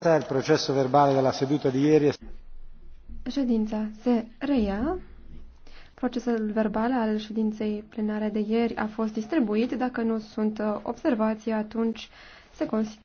Il processo verbale della seduta di ieri. Ședința se reia. Procesul verbal al ședinței plenare de ieri a fost distribuit. Dacă nu sunt observații, atunci se consideră.